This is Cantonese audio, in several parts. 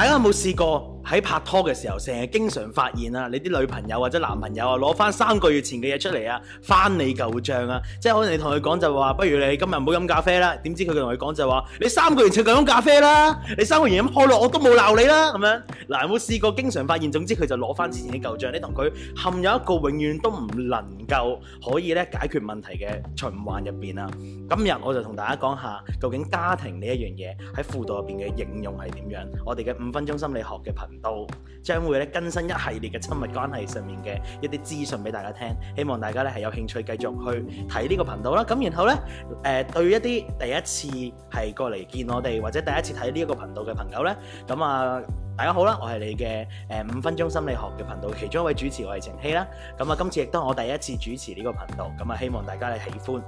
大家有冇試過？喺拍拖嘅時候，成日經常發現啊，你啲女朋友或者男朋友啊，攞翻三個月前嘅嘢出嚟啊，翻你舊帳啊，即係可能你同佢講就話，不如你今日唔好飲咖啡啦，點知佢同佢講就話，你三個月前就飲咖啡啦，你三個月飲可樂我都冇鬧你啦，咁樣嗱，有冇試過經常發現，總之佢就攞翻之前嘅舊帳，你同佢陷入一個永遠都唔能夠可以咧解決問題嘅循環入邊啊。今日我就同大家講下，究竟家庭呢一樣嘢喺輔導入邊嘅應用係點樣？我哋嘅五分鐘心理學嘅頻。到將會咧更新一系列嘅親密關係上面嘅一啲資訊俾大家聽，希望大家咧係有興趣繼續去睇呢個頻道啦。咁然後咧，誒、呃、對一啲第一次係過嚟見我哋或者第一次睇呢一個頻道嘅朋友咧，咁啊～大家好啦，我係你嘅誒、呃、五分鐘心理學嘅頻道，其中一位主持我係程曦啦。咁、嗯、啊，今次亦都係我第一次主持呢個頻道，咁、嗯、啊，希望大家咧喜歡。咁、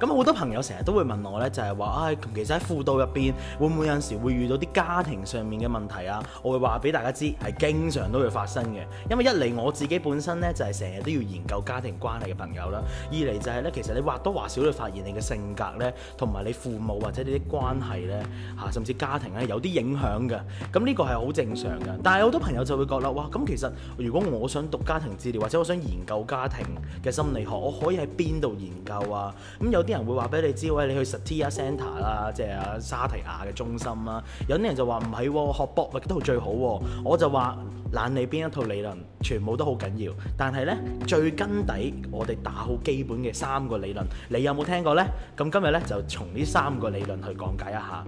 嗯、好多朋友成日都會問我咧，就係話啊，其實喺輔導入邊，會唔會有陣時會遇到啲家庭上面嘅問題啊？我會話俾大家知，係經常都會發生嘅。因為一嚟我自己本身咧就係成日都要研究家庭關係嘅朋友啦，二嚟就係咧，其實你或多或少會發現你嘅性格咧，同埋你父母或者你啲關係咧，吓、啊、甚至家庭咧有啲影響嘅。咁、嗯、呢、這個係好正。正常嘅，但係好多朋友就會覺得哇！咁其實如果我想讀家庭治療或者我想研究家庭嘅心理學，我可以喺邊度研究啊？咁有啲人會話俾你知，喂，你去 Satir 啊 Center 啦，即係啊沙提亞嘅中心啦，啊。有啲人就話唔係，學 Bowen 嗰套最好，啊。我就話懶你邊一套理論全部都好緊要。但係咧，最根底我哋打好基本嘅三個理論，你有冇聽過咧？咁今日咧就從呢三個理論去講解一下。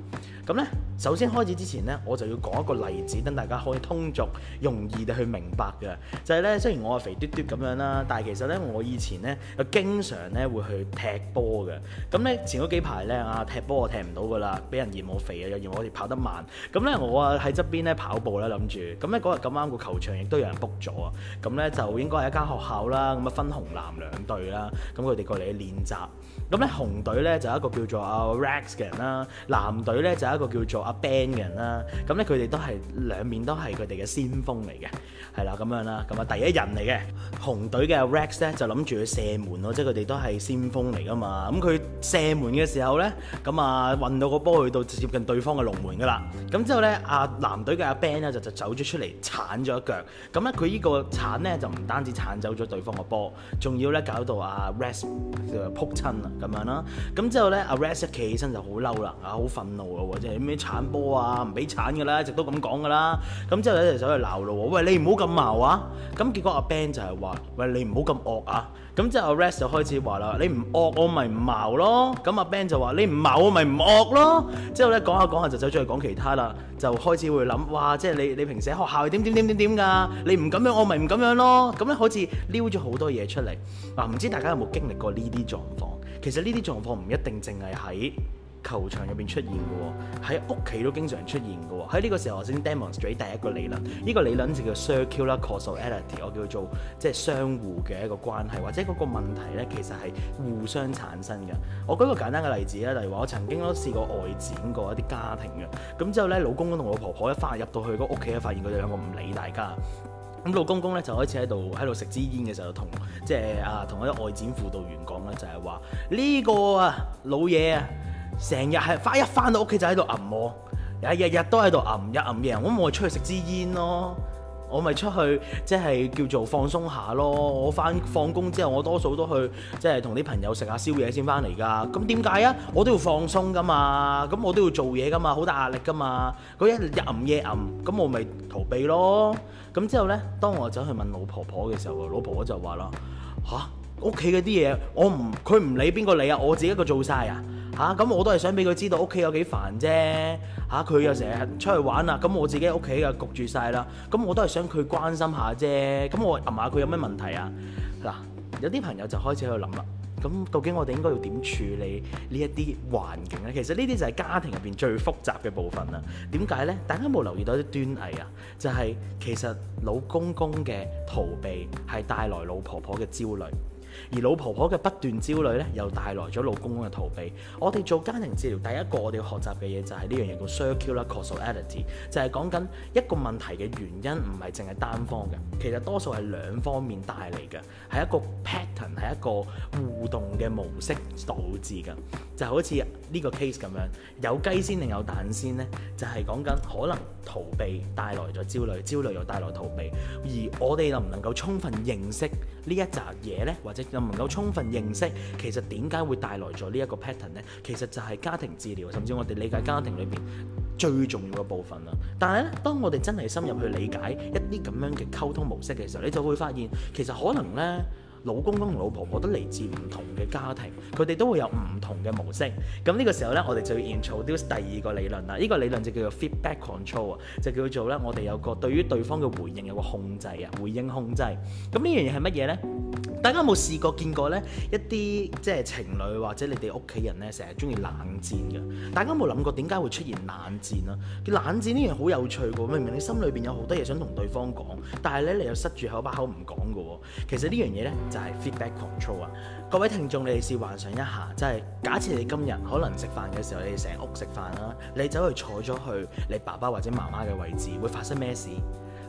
咁咧，首先開始之前咧，我就要講一個例子。等大家可以通俗容易地去明白嘅，就係、是、咧，雖然我係肥嘟嘟咁樣啦，但係其實咧，我以前咧就經常咧會去踢波嘅。咁、嗯、咧前嗰幾排咧啊踢波我踢唔到噶啦，俾人嫌我肥啊，又嫌我哋跑得慢。咁、嗯、咧我啊喺側邊咧跑步啦，諗、嗯、住。咁咧嗰日咁啱個球場亦都有人 book 咗啊。咁、嗯、咧就應該係一間學校啦，咁、嗯、啊分紅藍兩隊啦。咁佢哋過嚟練習。咁、嗯、咧紅隊咧就有一個叫做阿 Rex 嘅人啦，藍隊咧就有一個叫做阿 Ben 嘅人啦。咁咧佢哋都係。兩面都係佢哋嘅先鋒嚟嘅，係啦咁樣啦，咁啊第一人嚟嘅紅隊嘅 Rex 咧就諗住去射門咯，即係佢哋都係先鋒嚟噶嘛。咁佢射門嘅時候咧，咁啊運到個波去到接近對方嘅龍門噶啦。咁之後咧，阿、啊、藍隊嘅阿 Ben 咧就就走咗出嚟鏟咗一腳。咁咧佢呢個鏟咧就唔單止鏟走咗對方個波，仲要咧搞到阿 Rex 叫做仆親啊咁樣啦。咁之後咧，阿 Rex 一企起身就好嬲啦，啊好、啊、憤怒啊！即係咩鏟波啊，唔俾鏟噶啦，一直都咁講噶啦。啦，咁、嗯、之後有一隻手去鬧咯喎，喂，你唔好咁鬧啊！咁、嗯、結果阿 Ben 就係話，喂，你唔好咁惡啊！咁、嗯、之後阿 Res 就開始話啦，你唔惡我咪唔鬧咯。咁、嗯、阿 Ben 就話，你唔鬧我咪唔惡咯。之後咧講下講下就走咗去講其他啦，就開始會諗，哇！即係你你平時喺學校點點點點點㗎？你唔咁樣我咪唔咁樣咯。咁咧好似撩咗好多嘢出嚟。嗱、啊，唔知大家有冇經歷過呢啲狀況？其實呢啲狀況唔一定淨係喺。球場入邊出現嘅喎、哦，喺屋企都經常出現嘅喎、哦。喺呢個時候，我先 demonstrate 第一個理論，呢、呢個理論就叫 circular causality，我叫佢做即係相互嘅一個關係，或者嗰個問題咧，其實係互相產生嘅。我舉個簡單嘅例子啦，例如話我曾經都試過外展過一啲家庭嘅咁之後咧，老公公同老婆婆一翻入到去個屋企咧，發現佢哋兩個唔理大家咁，老公公咧就開始喺度喺度食支煙嘅時候，同即係啊同一啲外展輔導員講啦，就係話呢個啊老嘢啊！成日係翻一翻到屋企就喺度吟我，日日都喺度吟，日吟夜吟，咁我出去食支煙咯，我咪出去即係叫做放鬆下咯。我翻放工之後，我多數都去即係同啲朋友食下宵夜先翻嚟㗎。咁點解啊？我都要放鬆㗎嘛，咁我都要做嘢㗎嘛，好大壓力㗎嘛。佢一日吟夜吟，咁我咪逃避咯。咁之後咧，當我走去問老婆婆嘅時候，老婆婆就話啦：嚇！屋企嗰啲嘢，我唔佢唔理邊個理啊！我自己一個做晒啊嚇，咁我都係想俾佢知道屋企有幾煩啫嚇。佢、啊、又成日出去玩啊，咁我自己屋企又焗住晒啦，咁、啊、我都係想佢關心下啫。咁我問下佢有咩問題啊？嗱、啊，有啲朋友就開始喺度諗啦。咁究竟我哋應該要點處理呢一啲環境咧？其實呢啲就係家庭入邊最複雜嘅部分啦。點解咧？大家冇留意到啲端倪啊？就係、是、其實老公公嘅逃避係帶來老婆婆嘅焦慮。而老婆婆嘅不斷焦慮咧，又帶來咗老公公嘅逃避。我哋做家庭治療，第一個我哋要學習嘅嘢就係呢樣嘢叫 circular causality，就係講緊一個問題嘅原因唔係淨係單方嘅，其實多數係兩方面帶嚟嘅，係一個 pattern，係一個互動嘅模式導致㗎。就好似呢個 case 咁樣，有雞先定有蛋先呢，就係講緊可能逃避帶來咗焦慮，焦慮又帶來逃避，而我哋能唔能夠充分認識呢一紮嘢呢？或者。又唔夠充分認識，其實點解會帶來咗呢一個 pattern 呢？其實就係家庭治療，甚至我哋理解家庭裏邊最重要嘅部分啦。但係咧，當我哋真係深入去理解一啲咁樣嘅溝通模式嘅時候，你就會發現，其實可能呢。老公公同老婆婆都嚟自唔同嘅家庭，佢哋都會有唔同嘅模式。咁呢個時候呢，我哋就要 introduce 第二個理論啦。呢個理論就叫做 feedback control 啊，就叫做呢。我哋有個對於對方嘅回應有個控制啊，回應控制。咁呢樣嘢係乜嘢呢？大家有冇試過見過呢？一啲即係情侶或者你哋屋企人呢，成日中意冷戰嘅。大家有冇諗過點解會出現冷戰啊？冷戰呢樣好有趣嘅喎，明明你心裏邊有好多嘢想同對方講，但係呢，你又塞住口把口唔講嘅喎。其實呢樣嘢呢。就係 feedback control 啊！各位聽眾，你試幻想一下，即係假設你今日可能食飯嘅時候，你哋成屋食飯啦，你走去坐咗去你爸爸或者媽媽嘅位置，會發生咩事？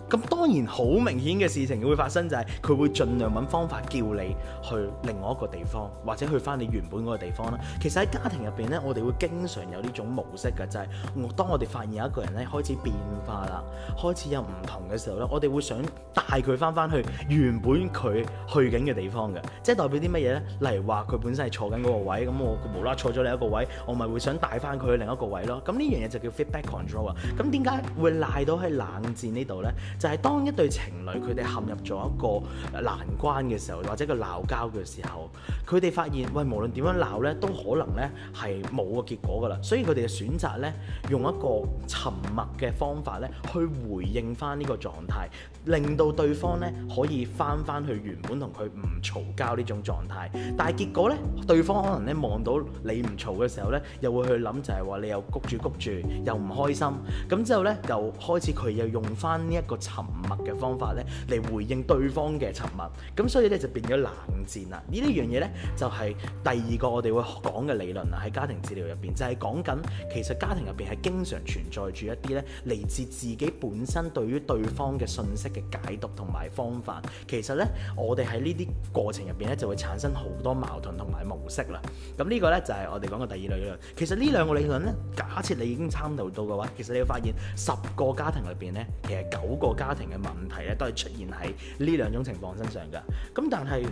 咁當然好明顯嘅事情會發生就係佢會盡量揾方法叫你去另外一個地方，或者去翻你原本嗰個地方啦。其實喺家庭入邊呢，我哋會經常有呢種模式嘅，就係、是、我當我哋發現有一個人呢開始變化啦，開始有唔同嘅時候呢，我哋會想帶佢翻翻去原本佢去緊嘅地方嘅。即係代表啲乜嘢呢？例如話佢本身係坐緊嗰個位，咁我無啦坐咗另一個位，我咪會想帶翻佢去另一個位咯。咁呢樣嘢就叫 feedback control 啊。咁點解會賴到喺冷戰呢度呢？就係當一對情侶佢哋陷入咗一個難關嘅時候，或者個鬧交嘅時候，佢哋發現喂，無論點樣鬧咧，都可能咧係冇個結果噶啦。所以佢哋就選擇咧，用一個沉默嘅方法咧，去回應翻呢個狀態，令到對方咧可以翻翻去原本同佢唔嘈交，呢種狀態，但係結果咧，對方可能咧望到你唔嘈嘅時候咧，又會去諗，就係話你又谷住谷住，又唔開心。咁之後咧，又開始佢又用翻呢一個。沉默嘅方法咧，嚟回應對方嘅沉默，咁所以咧就變咗冷戰啦。呢呢樣嘢咧就係第二個我哋會講嘅理論啦，喺家庭治療入邊就係講緊其實家庭入邊係經常存在住一啲咧嚟自自己本身對於對方嘅信息嘅解讀同埋方法。其實咧我哋喺呢啲過程入邊咧就會產生好多矛盾同埋模式啦。咁呢個咧就係我哋講嘅第二類理論。其實呢兩個理論咧，假設你已經參透到嘅話，其實你要發現十個家庭入邊咧，其實九個。家庭嘅問題咧，都係出現喺呢兩種情況身上㗎。咁但係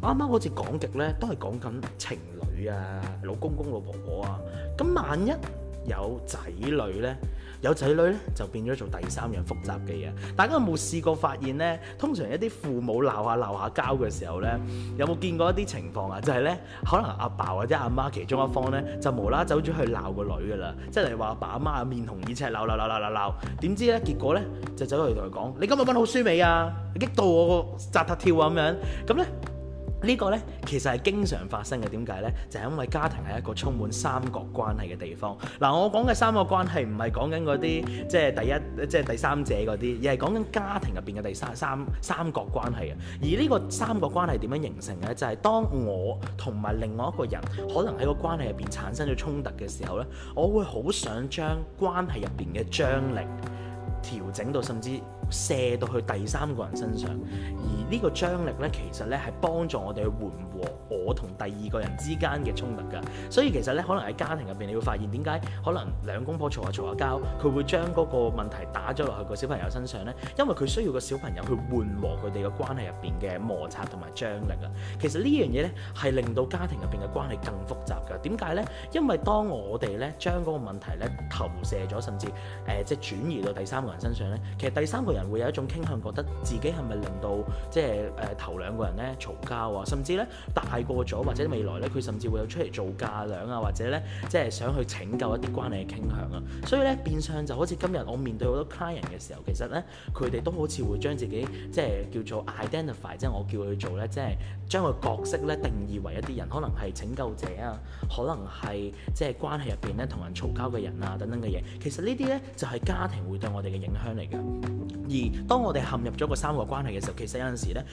啱啱好似講極咧，都係講緊情侶啊、老公公、老婆婆啊。咁萬一有仔女咧？有仔女咧，就變咗做第三樣複雜嘅嘢。大家有冇試過發現咧？通常一啲父母鬧下鬧下交嘅時候咧，有冇見過一啲情況啊？就係咧，可能阿爸或者阿媽其中一方咧，就無啦走咗去鬧個女噶啦。即係話阿爸阿媽面紅耳赤鬧鬧鬧鬧鬧鬧。點知咧，結果咧就走咗去同佢講：你今日溫好書未啊？你激到我個扎塔跳啊咁樣。咁咧。呢個呢，其實係經常發生嘅，點解呢？就係因為家庭係一個充滿三角關係嘅地方。嗱，我講嘅三個關係唔係講緊嗰啲即係第一即係第三者嗰啲，而係講緊家庭入邊嘅第三三三角關係嘅。而呢個三角關係點樣形成呢？就係當我同埋另外一個人可能喺個關係入邊產生咗衝突嘅時候呢，我會好想將關係入邊嘅張力調整到甚至射到去第三個人身上，而呢個張力呢，其實呢係幫助我哋去緩和我同第二個人之間嘅衝突㗎。所以其實呢，可能喺家庭入邊，你會發現點解可能兩公婆嘈下嘈下交，佢會將嗰個問題打咗落去個小朋友身上呢？因為佢需要個小朋友去緩和佢哋嘅關係入邊嘅摩擦同埋張力啊。其實呢樣嘢呢，係令到家庭入邊嘅關係更複雜㗎。點解呢？因為當我哋呢將嗰個問題呢投射咗，甚至誒、呃、即係轉移到第三個人身上呢，其實第三個。人會有一種傾向，覺得自己係咪令到即係誒頭兩個人咧嘈交啊，甚至咧大過咗或者未來咧，佢甚至會有出嚟做家長啊，或者咧即係想去拯救一啲關係嘅傾向啊。所以咧變相就好似今日我面對好多 client 嘅時候，其實咧佢哋都好似會將自己即係叫做 identify，即係我叫佢做咧，即係將個角色咧定義為一啲人，可能係拯救者啊，可能係即係關係入邊咧同人嘈交嘅人啊等等嘅嘢。其實呢啲咧就係家庭會對我哋嘅影響嚟嘅。而當我哋陷入咗個三角關係嘅時候，其實有陣時咧，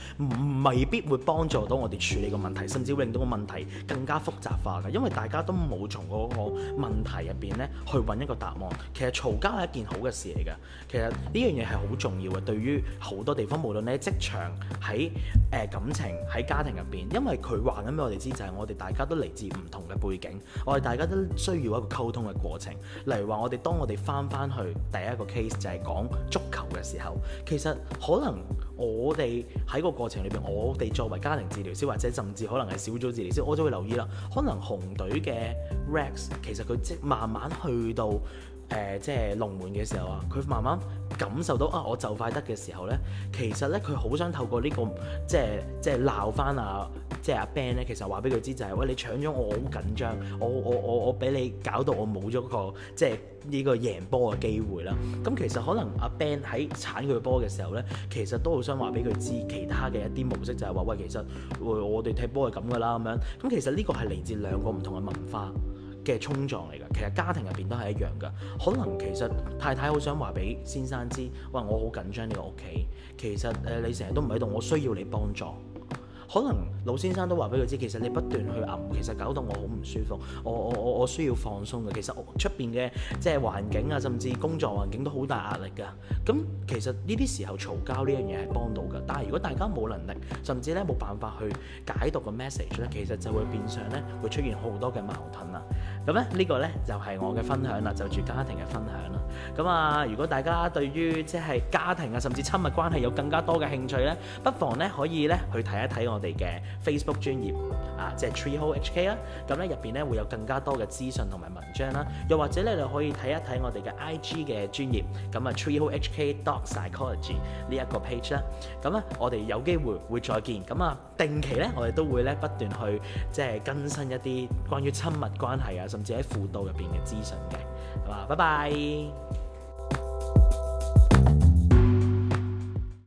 未必會幫助到我哋處理個問題，甚至令到個問題更加複雜化嘅。因為大家都冇從嗰個問題入邊咧，去揾一個答案。其實嘈交係一件好嘅事嚟嘅。其實呢樣嘢係好重要嘅，對於好多地方，無論你喺職場、喺誒感情、喺家庭入邊，因為佢話緊畀我哋知就係我哋大家都嚟自唔同嘅背景，我哋大家都需要一個溝通嘅過程。例如話，我哋當我哋返返去第一個 case 就係講足球嘅時候。其實可能我哋喺個過程裏邊，我哋作為家庭治療師或者甚至可能係小組治療師，我都會留意啦。可能紅隊嘅 Rex 其實佢即慢慢去到。誒、呃，即係龍門嘅時候啊，佢慢慢感受到啊，我就快得嘅時候咧，其實咧，佢好想透過呢、這個即係即係鬧翻啊，即係阿 Ben 咧，其實話俾佢知就係、是，喂，你搶咗我，我好緊張，我我我我俾你搞到我冇咗個即係呢個贏波嘅機會啦。咁、嗯、其實可能阿 Ben 喺鏟佢波嘅時候咧，其實都好想話俾佢知其他嘅一啲模式就係、是、話，喂，其實我我哋踢波係咁噶啦，咁樣。咁、嗯、其實呢個係嚟自兩個唔同嘅文化嘅衝撞嚟㗎，其實家庭入邊都係一樣㗎。可能其實太太好想話俾先生知，喂，我好緊張呢個屋企。其實誒你成日都唔喺度，我需要你幫助。可能老先生都話俾佢知，其實你不斷去吟，其實搞到我好唔舒服。我我我我需要放鬆嘅。其實我出邊嘅即係環境啊，甚至工作環境都好大壓力㗎。咁其實呢啲時候嘈交呢樣嘢係幫到㗎。但係如果大家冇能力，甚至咧冇辦法去解讀個 message 咧，其實就會變相咧會出現好多嘅矛盾啊。咁咧呢個呢就係、是、我嘅分享啦，就住家庭嘅分享啦。咁啊，如果大家對於即係家庭啊，甚至親密關係有更加多嘅興趣呢，不妨呢可以呢去睇一睇我哋嘅 Facebook 專頁啊，即、就、係、是、TreeHoleHK 啦、啊。咁呢入邊呢會有更加多嘅資訊同埋文章啦、啊。又或者呢你可以睇一睇我哋嘅 IG 嘅專頁，咁啊 TreeHoleHK dot Psychology 呢一個 page 啦。咁、啊、咧我哋有機會會再見。咁啊，定期呢我哋都會呢不斷去即係更新一啲關於親密關係啊。甚至喺輔導入邊嘅資訊嘅，好啦，拜拜。